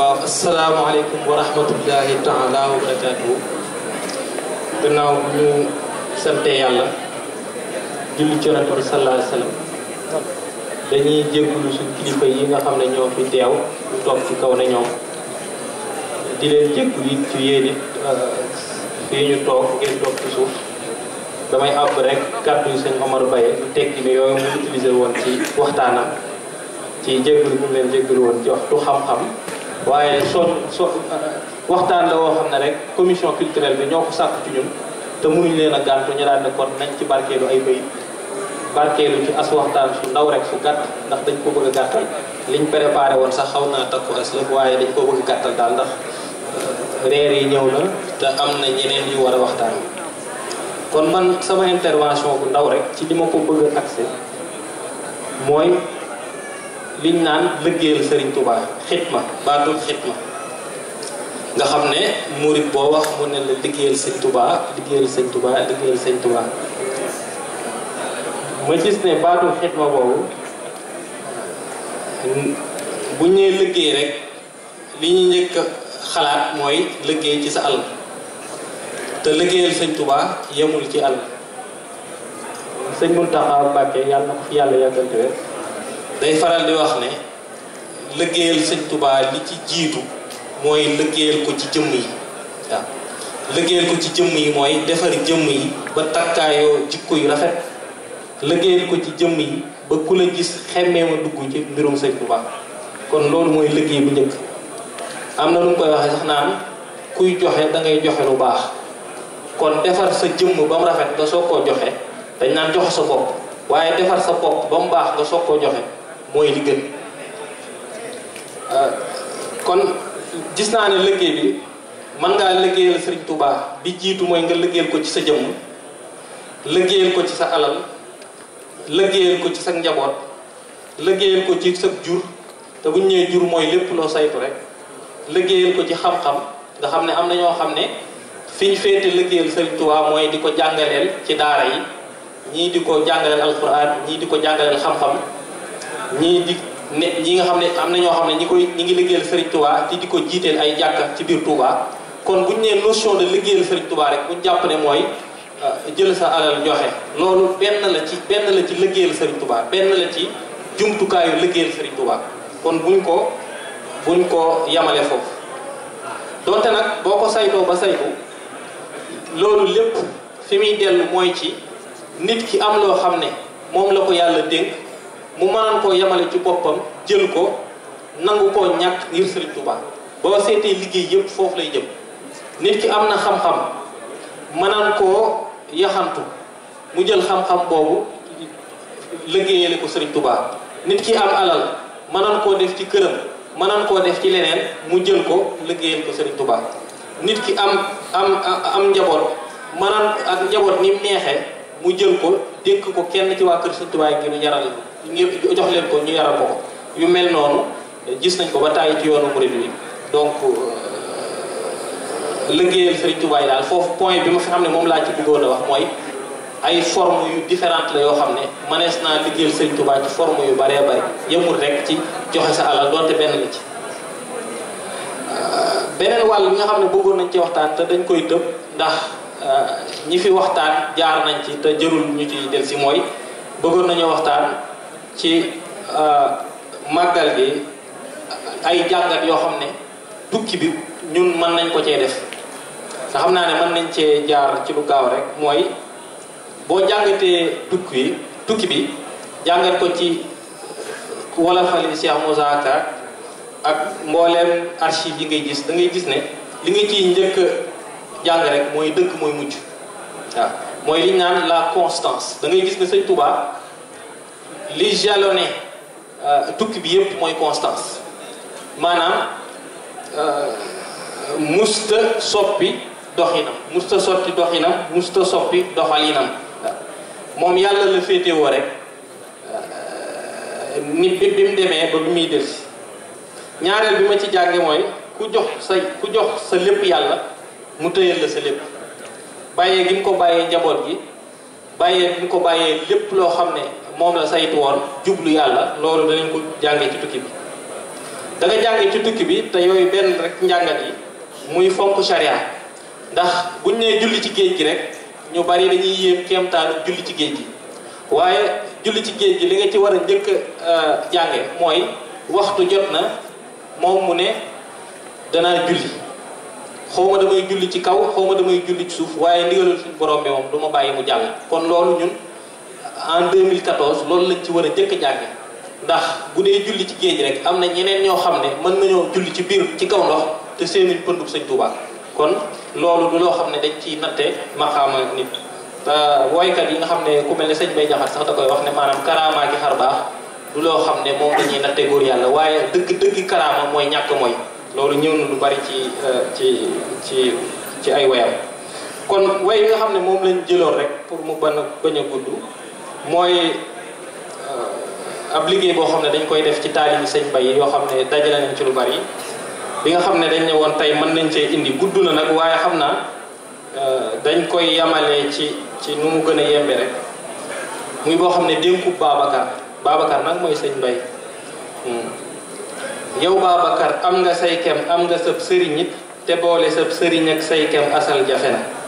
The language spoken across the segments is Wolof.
waaw asalaamaaleykum wa rahmatullahi taala wa barakaatuhu gannaaw bu ñu sante yàlla julli ci yonent bi sallallahu alayhi dañuy jéggulu su kilifa yi nga xam ne ñoo fi teew ñu toog ci kaw na ñoom di leen jéggulu it ci yéen euh, fii ñu toog ngeen toog ci suuf damay àbb rek kàddu yu sëñ Omar Baye tekki ni yooyu mu utilisé woon ci waxtaanam ci jéggulu ñu leen jéggulu woon ci waxtu xam-xam waaye soo soo uh, waxtaan la woo xam ne rek commission culturelle bi ñoo ko sàkk ci te mënuñ leen a gàntu ñu daan ne kon nañ ci barkeelu ay béy barkeelu ci as waxtaan su ndaw rek su ndax dañ ko bëgg a gàttal liñ préparé woon sax xaw naa takku as la waaye dañ koo bëgg a gàttal daal ndax uh, reer yi ñëw na te am na ñeneen yu war a waxtaan kon man sama intervention bu ndaw rek ci li ma ko bëgg a accès mooy liñ naan liggéeyal Serigne Touba xitma baatul xitma nga xam ne murit boo wax mu ne la liggéeyal Sëñ Touba liggéeyal Sëñ Touba liggéeyal ma gis ne baatul xitma boobu bu ñee liggéey rek li ñu xalaat mooy liggéey ci sa àll te liggéeyal Sëñ Touba yemul ci àll sëñ Mountakha Mbacké yàlla na ko fi yàlla yàggal day faral di wax ne liggéeyal sëñ Touba li ci jiitu mooy liggéeyal ko ci jëmm yi waaw liggéeyal ko ci jëmm yi mooy defar jëmm yi ba takkaayoo jikko yu rafet liggéeyal ko ci jëmm yi ba ku la gis xemmee ma dugg ci mbirum sëñ Touba kon loolu mooy liggéey bu njëkk am na lu mu koy waxee sax naan kuy joxe dangay joxe lu baax kon defar sa jëmm ba mu rafet nga soog koo joxe dañ naan joxe sa bopp waaye defar sa bopp ba mu baax nga soog koo joxe mooy li gën euh, kon gis naa ne liggéey bi mën ngaa liggéeyal Serigne Touba bi jiitu mooy nga liggéeyal ko ci sa jëmm liggéeyal ko ci sa alal liggéeyal ko ci sa njaboot liggéeyal ko ci sa jur te bu ñëwee jur mooy lépp loo saytu rek liggéeyal ko ci xam-xam nga xam ne am na ñoo xam ne fi ñu féete liggéeyal Serigne Touba mooy di ko jàngaleel ci daara yi ñii di ko jàngaleel alquran ñii di ko jàngaleel xam-xam ñii di ne ñi nga xam ne am na ñoo xam ne ñi koy ñi ngi liggéeyal Serigne Touba te di ko jiiteel ay jàkka ci biir Touba kon buñu nee notion de liggéeyal Serigne Touba rek buñ jàpp ne mooy euh, jël sa alal joxe loolu benn la ci benn la ci liggéeyal Serigne Touba benn la ci jumtukaayu liggéeyal Serigne Touba kon buñ ko buñ ko yamale foofu donte nag boo ko saytoo ba saytu loolu lépp fi muy dell mooy ci nit ki am loo xam ne moom la ko yàlla dénk mu mënoon koo yamale ci boppam jël ko nangu koo ñàkk ngir Serigne Touba waa seetee liggéey yëpp foofu lay jëm nit ki am na xam-xam mënoon koo yaxantu mu jël xam-xam boobu liggéeyale ko Serigne tubaa nit ki am alal mënoon koo def ci këram mënoon koo def ci leneen mu jël ko liggéeyal ko nit ki am am njaboot mënoon ak njaboot ni mu neexee mu jël ko dénk ko kenn ci waa kër Serigne Touba ngir yarale ko ñëpp jox leen ko ñu yaral ko ko yu mel noonu gis nañ ko ba tàyyi ci yoonu murid bi donc euh, liggéeyal Serigne Touba daal foofu point bi ma fi xam ne moom laa ci bëggoon a wax mooy ay forme yu différente la yoo xam ne mënees naa liggéeyal Serigne Touba ci forme yu bëree bëri yëmul rek ci joxe sa alal donte benn la ci euh, beneen wàll bi nga xam ne bëggoon nañ ci waxtaan te dañ koy tëb ndax euh, ñi fi waxtaan jaar nañ ci te jërul ñu ci del si mooy bëggoon nañoo waxtaan ci euh, màggal bi ay jàngat yoo xam ne tukki bi ñun mën nañ ko cee def te xam naa ne mën nañ cee jaar ci lu gaaw rek mooy boo jàngatee tukki yi tukki bi jàngat ko ci wala fali Cheikh Moussa Ka ak mbooleem archive yi ngay gis da ngay gis ne li nga ciy njëkk jàng rek mooy dëkk mooy mujj waaw mooy li naan la constance da gis ne sëñ Touba li jalonné euh, tukki bi yëpp mooy constance maanaam euh, musta soppi doxinam musta soppi doxinam musta soppi doxalinam moom yàlla la féetewoo rek euh, nit bi bi mu demee ba bi muy delsi ñaareel bi ma ci jànge mooy ku jox sa ku jox sa lépp yàlla mu tëyal la sa lépp bàyyee gi mu ko bàyyee njaboot gi bàyyee gi mu ko bàyyee lépp loo xam ne moom la saytu woon jublu yàlla loolu danañ ci tukki bi da nga ci tukki bi te yooyu benn rek njàngat yi muy fonk charia ndax buñ nee julli ci géej gi rek ñu bari dañuy yéem kéemtaanu julli ci géej gi waaye julli ci géej gi li nga ci war a njëkk euh, jànge mooy waxtu jot na moom mu ne danaa julli xawma damay julli ci kaw xaw xawma damay julli ci suuf waaye ndigalul suñu borom bi ma bàyyi mu jàll kon loolu ñun en 2014 loolu lañ ci war a njëkk a ndax bu dee julli ci géej rek am na ñeneen ñoo xam ne mën nañoo julli ci biir ci kaw ndox te seenuñ pëndub sëñ Tuubaa kon loolu du loo xam ne dañ ciy natte maxaama nit euh, woykat yi nga xam ne ku mel ne sëñ Bay Jaxat sax da koy ne maanaam karaamaa gi xar baax loo xam ne moom dañuy natte góor yàlla waaye dëgg dëgg karaama mooy ñàkk mooy loolu ñëw na lu bari ci euh, ci ci ci ay woyam kon way yi nga xam ne moom lañ jëloon rek pour mu ban bañ a gudd mooy euh, ab liggéey boo xam ne dañ koy def ci taalibi sëñ Bay yi yoo xam ne dajale ci lu bari bi nga xam ne dañ ne woon tey mën nañ cee indi gudd na nag waaye xam naa euh, dañ koy yamalee ci ci nu mu gën a yembe rek muy boo xam ne dénkub Babacar Babacar nag mooy sëñ Bay hmm. yow Babacar am nga say kem am nga sab sëriñ it te boole sab sëriñ ak say kem asal jafe na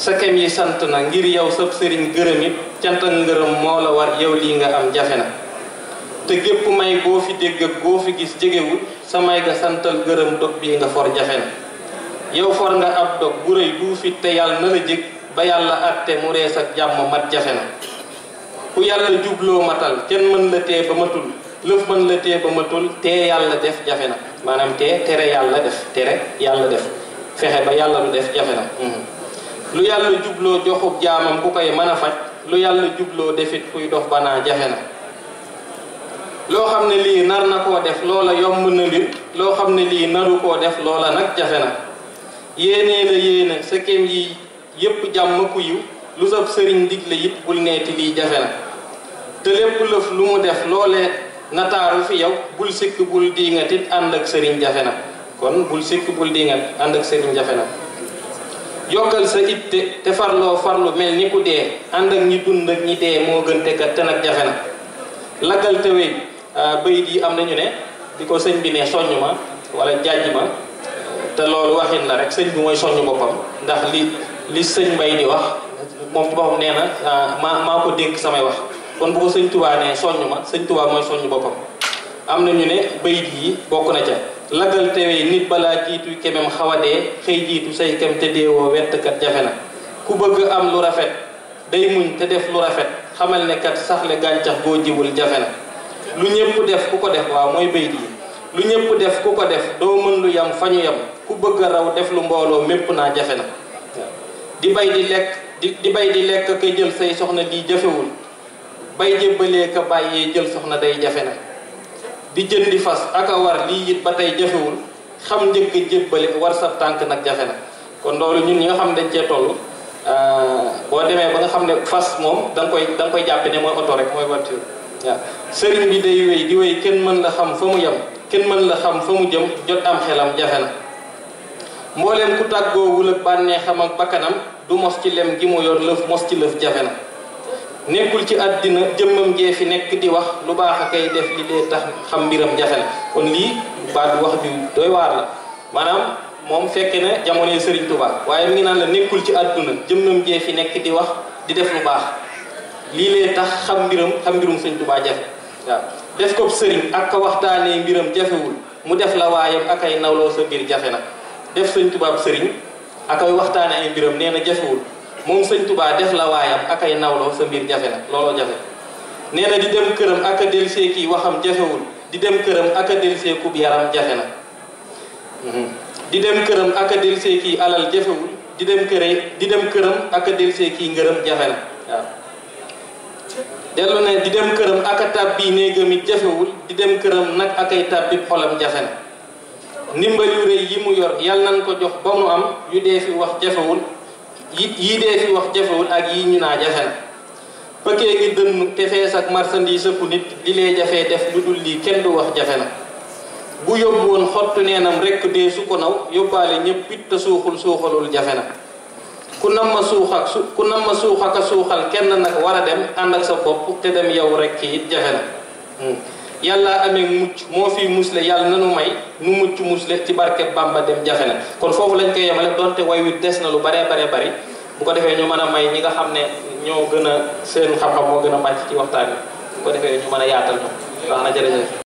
sa kem yi sant na ngir yow sab sëriñ gërëm it cant ak ngërëm moo la war yow lii nga am jafe na te gépp may boo fi dégg boo fi gis jegewul sa may ga santal gërëm dog bii nga for jafe na yow for nga ab dog bu rëy du te yàlla na la jég ba yàlla atte mu rees ak jàmm mat jafe na ku yàlla jubloo matal kenn mën la tee ba matul lëf mën la tee ba matul tee yàlla def jafe na maanaam tee tere yàlla def tere yàlla def fexe ba yàlla du def jafe na mhm. lu yàlla jubloo joxub jaamam ku koy man a faj lu yàlla jubloo defit kuy dox banaa jafe na loo xam ne lii nar na koo def loola yomb na li loo xam ne lii naru koo def loola nag jafe na yéenee la yéene sa kem yi yépp jàmm ku yiw lu sab sëriñ digle it bul neeti lii jafe na te lépp lëf lu mu def loolee nataaru fi yow bul sikk bul diingatit ànd ak sëriñ jafe na kon bul sikk bul diingat ànd ak sëriñ jafe na yokkal sa itte te farloo farlu mel ni ku dee ànd ak ñi dund ak ñi dee moo gën te kat te nag jafe na lakkal tawee ah, bayit yi am nañu ne di ko sëñ bi ne soññ ma wala jàjj ma te loolu waxin la rek sëñ bi mooy soññ boppam ndax li li sëñ mbay di wax moom ci nee na ah, maa maa ko dénk samay wax kon bu ko sëñ tubaa ne soññ ma sëñ tubaa mooy soññ boppam am nañu ne bayit yi bokk na ca lagal tewee nit balaa jiitu kemem xaw a dee xëy jiitu say kem te deewoo wettkat jafe na ku bëgg am lu rafet day muñ te def lu rafet xamal ne kat saxle gàncax goo jiwul jafe na lu ñëpp def ku ko def waaw mooy bay lu ñëpp def ku ko def doo mën lu yam fa ñu yam ku bëgg a raw def lu mbooloo mépp naa jafe na di bay di lekk di bay di lekk ka jël say soxna di jafewul bay jébbalee ka bàyyee jël soxna day jafe na di jëndi fas aka war lii it ba tey jafewul xam njëkk jébbale war sa tànk nag jafe na kon loolu ñun ñi nga xam ne dañ cee toll euh, boo demee ba nga xam ne fas moom da koy da koy jàppe ne mooy oto rek mooy voiture waaw sëriñ bi day wéy di wéy kenn mën la xam fa mu yem kenn mën la xam fa mu jëm jot am xelam jafe na mbooleem ku tàggoowul ak bànnee xam ak bakkanam du mos ci lem gi mu yor lëf mos ci lëf jafe na nekkul ci àddina jëmmam jee fi nekk di wax lu baax a kay def li dee tax xam mbiram jafe na kon lii baat wax bi doy waar la maanaam moom fekke na jamonoy Serigne tubaab waaye mi ngi naan la nekkul ci àdduna jëmmam jee fi nekk di wax di def lu baax lii lee tax xam mbiram xam mbirum sëñ Touba jafe waaw def ko sëriñ ak waxtaanee mbiram jafewul mu def la waaye ak ay nawloo sa mbir jafe na def sëñ Touba sëriñ ak waxtaane waxtaanee ay mbiram nee na jafewul. moom sëñ tubaa def la waayam ak ay nawloo sa mbir jafe nag looloo jafe nee di dem këram ak a delsee kii waxam jafewul di dem këram ak a delsee kub yaram jafe na mhm. di dem këram ak a kii alal jafewul di dem këre di dem këram ak a delsee kii ngërëm jafe na waaw dellu ne di dem këram ak a tàbbi néegam it jafewul di dem këram nag ak ay tàbbi xolam jafe na ndimbal yu rëy yi mu yor yàlla nañ ko jox ba mu am yu dee fi wax jafewul yi yii dee fi wax jafewul ak yii ñu naa jafe na pëkkee ngi dënn te fees ak marchandise ku nit li lee jafee def lu dul lii kenn du wax jafe na bu yóbbuwoon xottu neenam rekk dee su ko naw yóbbaale ñépp it te suuxul suuxalul jafe na ku nam ma suux ku nam ma suux ak a suuxal kenn nag war a dem ànd ak sa bopp te dem yow rekk it jafe na hmm. yàlla amee mucc moo fi musle yàlla nanu may nu mucc musle ci barkeb Bamba dem jafe na kon foofu lañ koy yemale donte way des na lu baree baree bari bu ko defee ñu mën a may ñi nga xam ne ñoo gën a seen xam-xam moo gën a màcc ci waxtaan bi bu ko defee ñu man a yaatal ñoom wax na jërëjëf